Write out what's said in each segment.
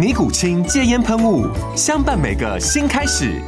尼古清戒煙噴霧，相伴每個新開始。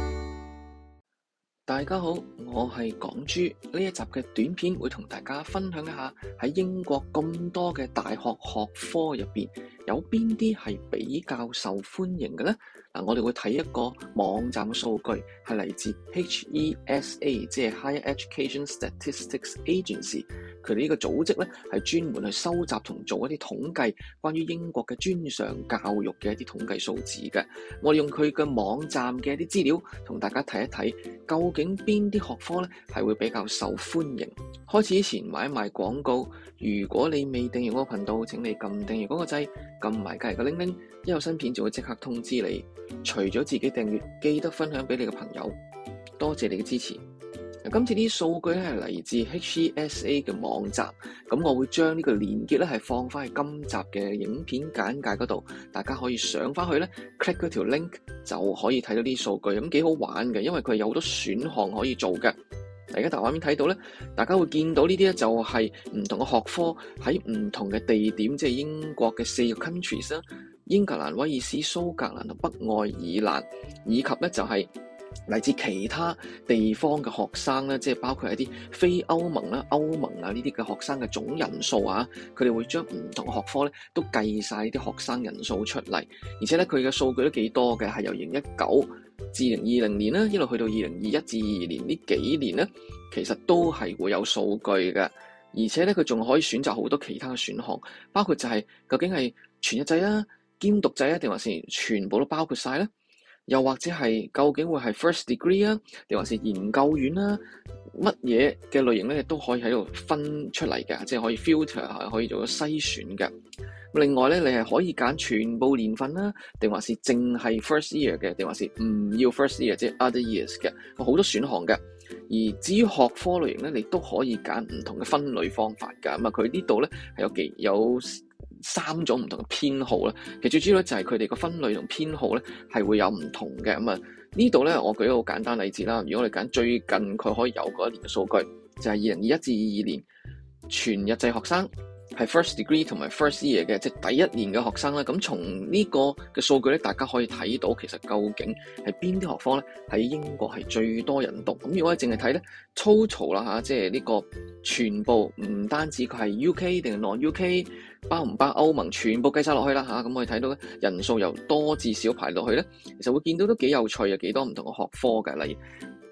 大家好，我係港豬。呢一集嘅短片會同大家分享一下喺英國咁多嘅大學學科入邊有邊啲係比較受歡迎嘅呢？嗱、啊，我哋會睇一個網站嘅數據，係嚟自 HESA，即係 Higher Education Statistics Agency。佢哋呢個組織咧，係專門去收集同做一啲統計，關於英國嘅專上教育嘅一啲統計數字嘅。我用佢嘅網站嘅一啲資料，同大家睇一睇，究竟邊啲學科咧係會比較受歡迎。開始之前，賣一賣廣告。如果你未訂閱嗰個頻道，請你撳訂閱嗰個掣，撳埋隔離個鈴鈴，一有新片就會即刻通知你。除咗自己訂閱，記得分享俾你嘅朋友。多謝你嘅支持。今次啲數據咧係來自 HESA 嘅網站，咁我會將呢個連結咧係放翻喺今集嘅影片簡介嗰度，大家可以上翻去咧，click 嗰條 link 就可以睇到啲數據，咁幾好玩嘅，因為佢有好多選項可以做嘅。大家大畫面睇到咧，大家會見到呢啲咧就係唔同嘅學科喺唔同嘅地點，即係英國嘅四個 countries 啦，英格蘭、威爾斯、蘇格蘭同北愛爾蘭，以及咧就係。嚟自其他地方嘅學生咧，即係包括一啲非歐盟啦、歐盟啊呢啲嘅學生嘅總人數啊，佢哋會將唔同學科咧都計晒啲學生人數出嚟，而且咧佢嘅數據都幾多嘅，係由零一九至零二零年啦、啊，一路去到二零二一至二年呢幾年咧，其實都係會有數據嘅，而且咧佢仲可以選擇好多其他嘅選項，包括就係、是、究竟係全日制啦、兼讀制啊，定還是全部都包括晒咧？又或者係究竟會係 first degree 啊，定還是研究院啦，乜嘢嘅類型咧，都可以喺度分出嚟嘅，即係可以 filter，可以做個篩選嘅。另外咧，你係可以揀全部年份啦，定還是淨係 first year 嘅，定還是唔要 first year，即係 other years 嘅，好多選項嘅。而至於學科類型咧，你都可以揀唔同嘅分類方法㗎。咁啊，佢呢度咧係有幾有。三種唔同嘅編號咧，其實最主要就係佢哋個分類同編號咧係會有唔同嘅，咁啊呢度咧我舉一個簡單例子啦。如果我哋揀最近佢可以有嗰一年嘅數據，就係二零二一至二二年全日制學生，係 first degree 同埋 first year 嘅，即係第一年嘅學生咧。咁從呢個嘅數據咧，大家可以睇到其實究竟係邊啲學科咧，喺英國係最多人讀。咁如果淨係睇咧粗粗啦嚇，即係呢個全部唔單止佢係 UK 定係 non UK，包唔包歐盟，全部計曬落去啦嚇。咁可以睇到咧，人數由多至少排落去咧，其實會見到都幾有趣，又幾多唔同嘅學科㗎，例如。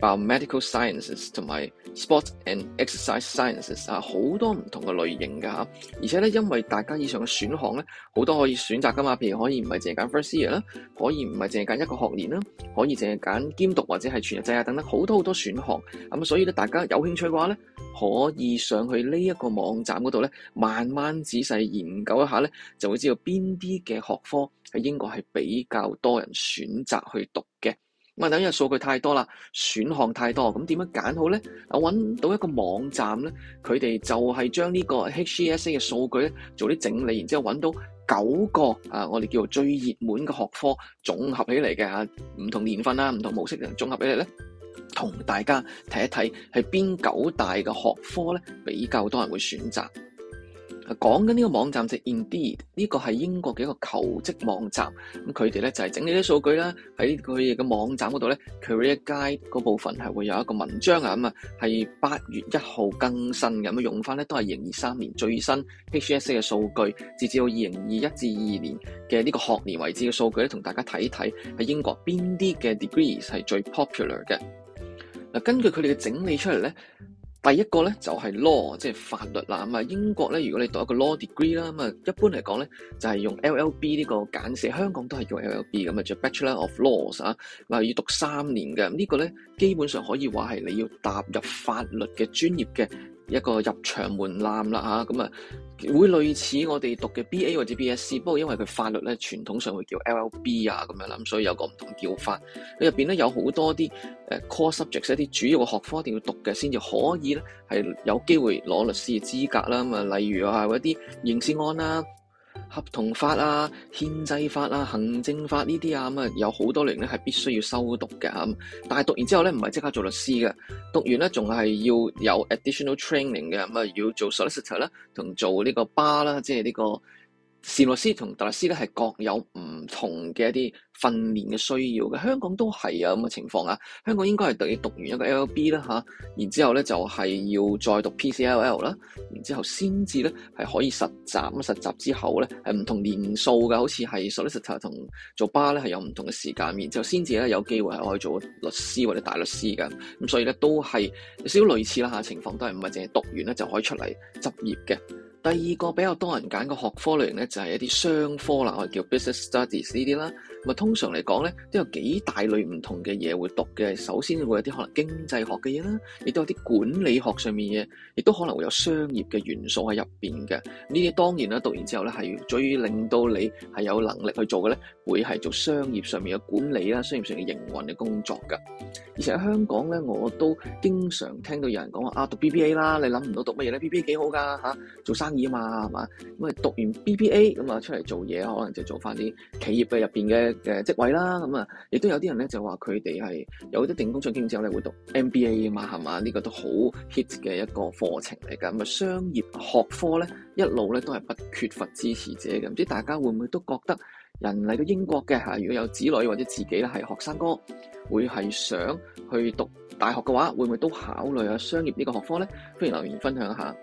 啊，medical sciences 同埋 sport and exercise sciences 啊，好多唔同嘅類型噶，吓，而且咧，因為大家以上嘅選項咧，好多可以選擇噶嘛，譬如可以唔係淨係揀 first year 啦，可以唔係淨係揀一個學年啦，可以淨係揀兼讀或者係全日制啊，等等好多好多選項，咁啊，所以咧，大家有興趣嘅話咧，可以上去呢一個網站嗰度咧，慢慢仔細研究一下咧，就會知道邊啲嘅學科喺英國係比較多人選擇去讀嘅。我哋因為數據太多啦，選項太多，咁點樣揀好咧？我揾到一個網站咧，佢哋就係將呢個 HESA 嘅數據做啲整理，然之後揾到九個啊，我哋叫做最熱門嘅學科總合起嚟嘅嚇，唔同年份啦，唔同模式嘅綜合起嚟咧，同大家睇一睇係邊九大嘅學科咧比較多人會選擇。講緊呢個網站就 Indeed，呢個係英國嘅一個求職網站。咁佢哋咧就係、是、整理啲數據啦，喺佢哋嘅網站嗰度咧，Career Guide 嗰部分係會有一個文章啊。咁啊，係八月一號更新，咁樣用翻咧都係二零二三年最新 HESA 嘅數據，截至到二零二一至二年嘅呢個學年為止嘅數據咧，同大家睇一睇喺英國邊啲嘅 degrees 係最 popular 嘅。嗱，根據佢哋嘅整理出嚟咧。第一個咧就係 law，即係法律啦。咁啊，英國咧如果你讀一個 law degree 啦，咁啊，一般嚟講咧就係用 LLB 呢個簡寫，香港都係叫 LLB 咁啊，就係、Bachelor of Laws 啊，嗱要讀三年嘅。呢、這個咧基本上可以話係你要踏入法律嘅專業嘅。一個入場門檻啦嚇，咁啊會類似我哋讀嘅 B.A 或者 B.S.C，不過因為佢法律咧傳統上會叫 L.L.B 啊咁樣諗，所以有個唔同叫法。佢入邊咧有好多啲誒 core subjects 一啲、呃、主要嘅學科，一定要讀嘅，先至可以咧係有機會攞律師嘅資格啦。咁啊，例如啊，一啲刑事案啦、啊。合同法啊、憲制法啊、行政法呢啲啊咁啊，嗯、有好多類型咧，係必須要修讀嘅嚇、嗯。但係讀完之後咧，唔係即刻做律師嘅，讀完咧仲係要有 additional training 嘅咁啊，要做 solicitor 啦、啊，同做呢個 bar 啦、啊，即係呢個。事務律師同大律師咧係各有唔同嘅一啲訓練嘅需要嘅，香港都係有咁嘅情況啊！香港應該係讀要讀完一個 LLB 啦，嚇，然之後咧就係要再讀 PCLL 啦，然之後先至咧係可以實習。咁實習之後咧係唔同年數嘅，好似係 solicitor 同做巴咧係有唔同嘅時間，然之後先至咧有機會係可以做律師或者大律師嘅。咁所以咧都係少少類似啦嚇情況，都係唔係淨係讀完咧就可以出嚟執業嘅。第二個比較多人揀嘅學科類型咧，就係一啲商科啦，我哋叫 business studies 呢啲啦。通常嚟講咧，都有幾大類唔同嘅嘢會讀嘅。首先會有啲可能經濟學嘅嘢啦，亦都有啲管理學上面嘅，亦都可能會有商業嘅元素喺入邊嘅。呢啲當然啦，讀完之後咧，係最令到你係有能力去做嘅咧，會係做商業上面嘅管理啦，商業上面嘅營運嘅工作㗎。而且喺香港咧，我都經常聽到有人講話啊，讀 BBA 啦，你諗唔到讀乜嘢咧？BBA 幾好㗎嚇，做生意啊嘛係嘛？咁啊讀完 BBA 咁啊出嚟做嘢，可能就做翻啲企業嘅入邊嘅。嘅職位啦，咁啊，亦都有啲人咧就話佢哋係有一定工作經驗之後咧會讀 MBA 啊嘛，係嘛？呢個都好 hit 嘅一個課程嚟㗎。咁啊，商業學科咧一路咧都係不缺乏支持者嘅。唔知大家會唔會都覺得人嚟到英國嘅嚇，如果有子女或者自己咧係學生哥，會係想去讀大學嘅話，會唔會都考慮下商業呢個學科咧？歡迎留言分享下。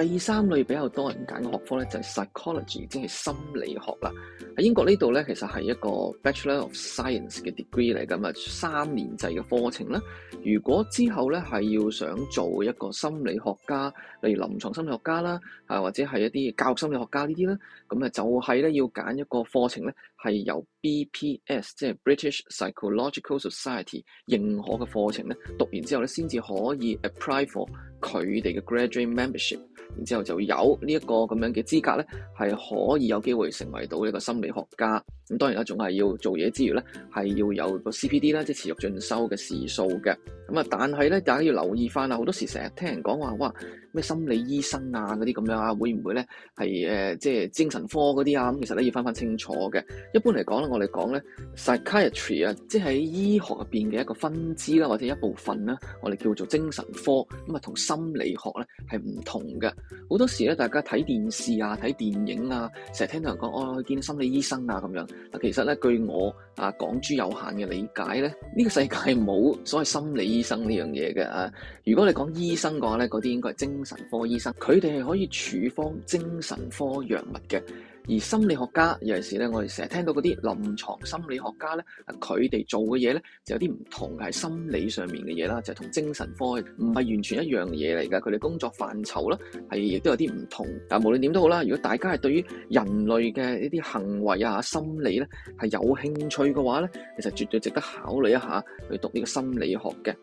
第三類比較多人揀嘅學科咧，就係 psychology，即係心理學啦。喺英國呢度咧，其實係一個 Bachelor of Science 嘅 degree 嚟噶嘛，三年制嘅課程啦。如果之後咧係要想做一個心理學家，例如臨床心理學家啦，啊或者係一啲教育心理學家呢啲咧。咁咧，就係咧要揀一個課程咧，係由 BPS 即係 British Psychological Society 認可嘅課程咧，讀完之後咧，先至可以 apply for 佢哋嘅 graduate membership，然之後就有這這呢一個咁樣嘅資格咧，係可以有機會成為到一個心理學家。咁當然啦，仲係要做嘢之餘咧，係要有個 CPD 啦，即係持續進修嘅時數嘅。咁啊，但係咧，大家要留意翻啊，好多時成日聽人講話哇，咩心理醫生啊嗰啲咁樣啊，會唔會咧係誒即係精神科嗰啲啊？咁其實咧要分分清楚嘅。一般嚟講咧，我哋講咧 psychiatry 啊，Psych ry，即係喺醫學入邊嘅一個分支啦，或者一部分啦，我哋叫做精神科咁啊，同心理學咧係唔同嘅。好多時咧，大家睇電視啊、睇電影啊，成日聽到人講哦，去、哎、見心理醫生啊咁樣。嗱，其實咧，據我啊講豬有限嘅理解咧，呢個世界冇所謂心理醫生呢樣嘢嘅啊。如果你講醫生嘅話咧，嗰啲應該係精神科醫生，佢哋係可以處方精神科藥物嘅。而心理學家尤其係咧，我哋成日聽到嗰啲臨床心理學家咧，佢哋做嘅嘢咧就有啲唔同，係心理上面嘅嘢啦，就同係精神科唔係完全一樣嘢嚟㗎。佢哋工作範疇啦，係亦都有啲唔同。但無論點都好啦，如果大家係對於人類嘅呢啲行為啊、心理咧係有興趣嘅話咧，其實絕對值得考慮一下去讀呢個心理學嘅。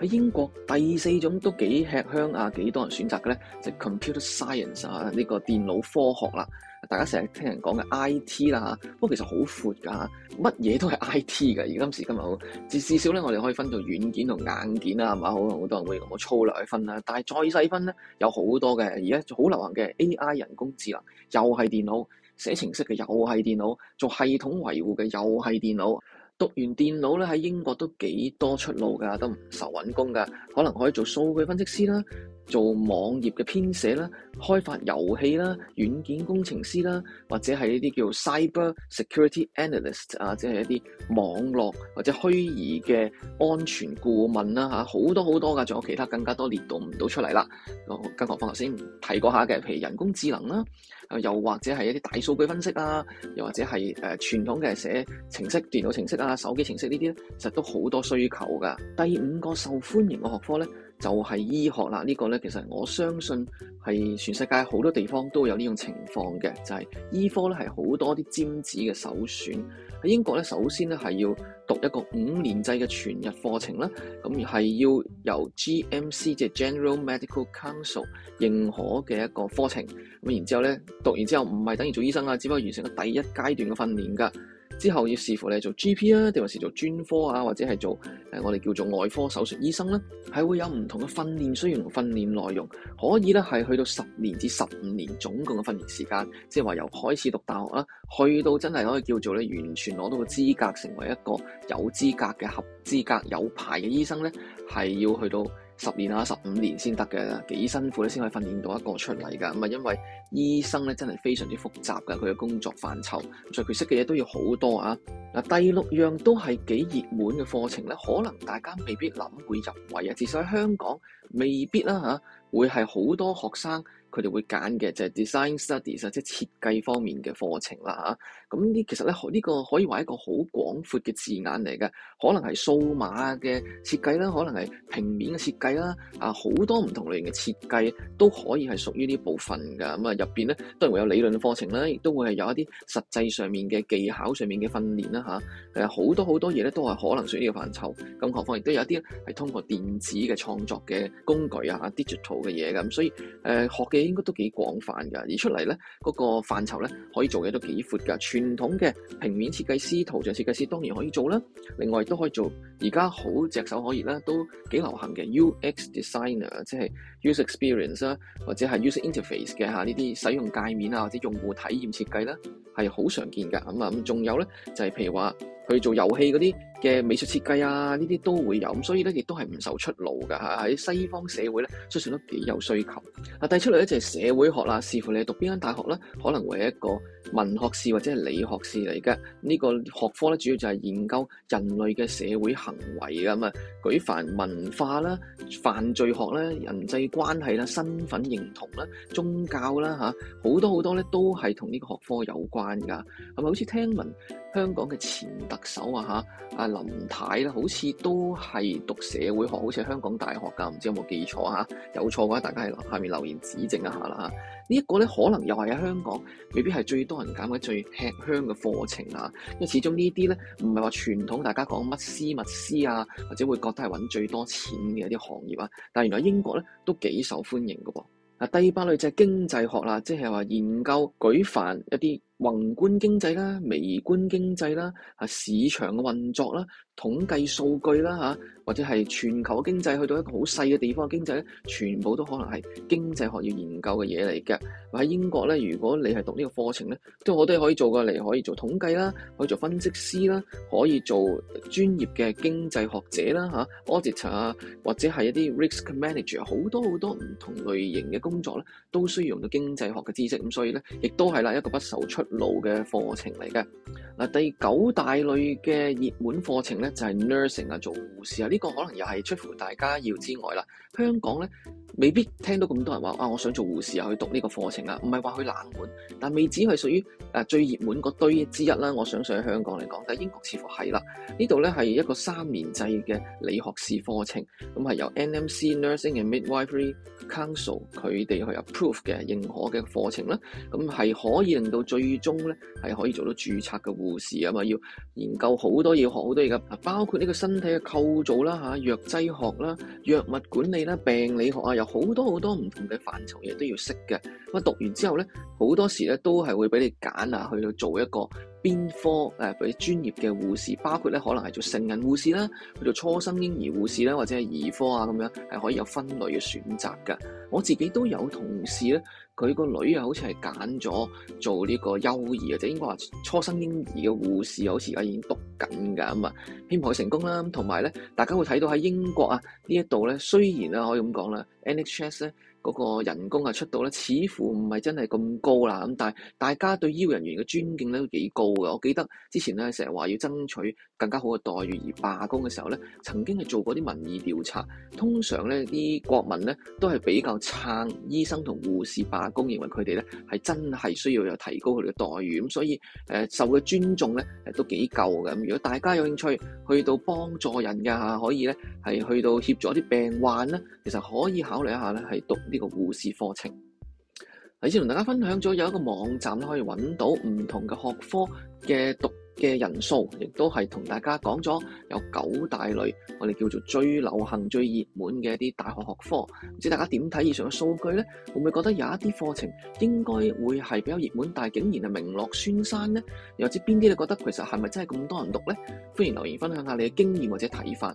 喺英國第四種都幾吃香啊，幾多人選擇嘅咧就係 computer science 啊呢個電腦科學啦。大家成日聽人講嘅 I.T. 啦，不過其實好闊噶，乜嘢都係 I.T. 嘅。而今時今日，至至少咧，我哋可以分到軟件同硬件啦，係嘛？可能好多人會咁樣粗略去分啦。但係再細分咧，有好多嘅。而家好流行嘅 A.I. 人工智能，又係電腦，寫程式嘅又係電腦，做系統維護嘅又係電腦。讀完電腦咧，喺英國都幾多出路㗎，都唔愁揾工㗎，可能可以做數據分析師啦。做網頁嘅編寫啦、開發遊戲啦、軟件工程師啦，或者係呢啲叫 cyber security analyst 啊，即係一啲網絡或者虛擬嘅安全顧問啦，嚇、啊、好多好多噶，仲有其他更加多列到唔到出嚟啦。我更何況頭先提過下嘅，譬如人工智能啦、啊，又或者係一啲大數據分析啊，又或者係誒、呃、傳統嘅寫程式、電腦程式啊、手機程式呢啲，其實都好多需求噶。第五個受歡迎嘅學科咧。就係醫學啦，呢、這個呢，其實我相信係全世界好多地方都有呢種情況嘅，就係、是、醫科呢係好多啲尖子嘅首選，喺英國呢，首先呢係要讀一個五年制嘅全日課程啦，咁而係要由 GMC 即係 General Medical Council 認可嘅一個課程，咁然之後呢，讀完之後唔係等於做醫生啦，只不過完成咗第一階段嘅訓練㗎。之後要視乎你做 GP 啊，定還是做專科啊，或者係做誒我哋叫做外科手術醫生咧，係會有唔同嘅訓練需要同訓練內容，可以咧係去到十年至十五年總共嘅訓練時間，即係話由開始讀大學啦，去到真係可以叫做咧完全攞到個資格成為一個有資格嘅合資格有牌嘅醫生咧，係要去到。十年啊，十五年，先得嘅，幾辛苦咧，先可以訓練到一個出嚟噶。咁啊，因為醫生咧真係非常之複雜噶，佢嘅工作範疇，所以佢識嘅嘢都要好多啊。嗱，第六樣都係幾熱門嘅課程咧，可能大家未必諗會入圍啊。至少喺香港未必啦，吓會係好多學生。佢哋會揀嘅就係、是、design studies，即係設計方面嘅課程啦吓，咁、啊、呢、嗯、其實咧呢、這個可以話一個好廣闊嘅字眼嚟嘅，可能係數碼嘅設計啦，可能係平面嘅設計啦，啊好多唔同類型嘅設計都可以係屬於呢部分㗎。咁啊入邊咧都係會有理論嘅課程啦，亦都會係有一啲實際上面嘅技巧上面嘅訓練啦吓誒好多好多嘢咧都係可能屬於呢個範疇，咁、啊、何況亦都有一啲咧係通過電子嘅創作嘅工具啊 digital 嘅嘢咁，所以誒、呃、學嘅。應該都幾廣泛噶，而出嚟咧嗰個範疇咧可以做嘢都幾闊噶。傳統嘅平面設計師、圖像設計師當然可以做啦，另外都可以做而家好炙手可熱啦，都幾流行嘅 UX Designer，即係 User Experience 啦，或者係 User Interface 嘅吓呢啲使用界面啊或者用戶體驗設計啦，係好常見噶。咁、嗯、啊，咁仲有咧就係、是、譬如話去做遊戲嗰啲。嘅美術設計啊，呢啲都會有，所以咧亦都係唔愁出路噶，喺、啊、西方社會咧，相信都幾有需求。嗱、啊，第四出嚟咧就係社會學啦，視乎你係讀邊間大學啦，可能會係一個文學士或者係理學士嚟嘅。呢、呢個學科咧主要就係研究人類嘅社會行為㗎嘛、啊，舉凡文化啦、犯罪學啦、人際關係啦、身份認同啦、宗教啦吓，好、啊、多好多咧都係同呢個學科有關㗎。係咪好似聽聞香港嘅前特首啊吓。啊，啊林太咧，好似都係讀社會學，好似香港大學㗎，唔知有冇記錯嚇、啊？有錯嘅話，大家喺下面留言指正一下啦嚇。啊這個、呢一個咧，可能又係喺香港，未必係最多人揀嘅最吃香嘅課程啦、啊。因為始終呢啲咧，唔係話傳統大家講乜師乜師啊，或者會覺得係揾最多錢嘅一啲行業啊。但係原來英國咧都幾受歡迎嘅噃。啊，第二班類就係經濟學啦、啊，即係話研究舉凡一啲。宏觀經濟啦、微觀經濟啦、啊市場嘅運作啦、統計數據啦嚇，或者係全球嘅經濟去到一個好細嘅地方嘅經濟咧，全部都可能係經濟學要研究嘅嘢嚟嘅。喺英國咧，如果你係讀呢個課程咧，都好多可以做嘅，嚟，可以做統計啦，可以做分析師啦，可以做專業嘅經濟學者啦嚇，auditor 啊，Aud itor，或者係一啲 risk manager，好多好多唔同類型嘅工作咧，都需要用到經濟學嘅知識。咁所以咧，亦都係啦，一個不愁出老嘅課程嚟嘅嗱，第九大類嘅熱門課程咧就係，是，Nursing 啊，做護士啊，呢，這個可能又係出乎大家意料之外啦，香港咧。未必聽到咁多人話啊，我想做護士啊，去讀呢個課程啊，唔係話去冷門，但未止係屬於誒最熱門嗰堆之一啦。我想喺香港嚟講，但英國似乎係啦。呢度咧係一個三年制嘅理學士課程，咁係由 NMC Nursing and Midwifery Council 佢哋去 approve 嘅認可嘅課程啦。咁係可以令到最終咧係可以做到註冊嘅護士啊嘛。要研究好多嘢，學好多嘢噶，包括呢個身體嘅構造啦、吓藥劑學啦、藥物管理啦、病理學啊，有。好多好多唔同嘅範疇嘢，都要識嘅，咁啊讀完之後咧，好多時咧都係會俾你揀啊，去到做一個邊科誒，譬、呃、如專業嘅護士，包括咧可能係做成人護士啦，去做初生嬰兒護士啦，或者係兒科啊咁樣，係可以有分類嘅選擇㗎。我自己都有同事咧。佢個女啊，好似係揀咗做呢個幼兒，或者應該話初生嬰兒嘅護士，好似而家已經讀緊㗎咁啊，編排成功啦。同埋咧，大家會睇到喺英國啊呢一度咧，雖然啦、啊，可以咁講啦，NHS 咧。嗰個人工啊出到咧，似乎唔係真係咁高啦。咁但係大家對醫護人員嘅尊敬咧都幾高嘅。我記得之前咧成日話要爭取更加好嘅待遇而罷工嘅時候咧，曾經係做過啲民意調查，通常咧啲國民咧都係比較撐醫生同護士罷工，認為佢哋咧係真係需要有提高佢哋嘅待遇。咁所以誒、呃、受嘅尊重咧誒都幾夠嘅。咁如果大家有興趣去到幫助人㗎嚇，可以咧係去到協助啲病患咧，其實可以考慮一下咧係讀。呢個護士課程，頭先同大家分享咗有一個網站可以揾到唔同嘅學科嘅讀嘅人數，亦都係同大家講咗有九大類，我哋叫做最流行、最熱門嘅一啲大學學科。唔知大家點睇以上嘅數據呢？會唔會覺得有一啲課程應該會係比較熱門，但係竟然係名落孫山呢？又或者邊啲你覺得其實係咪真係咁多人讀呢？歡迎留言分享下你嘅經驗或者睇法。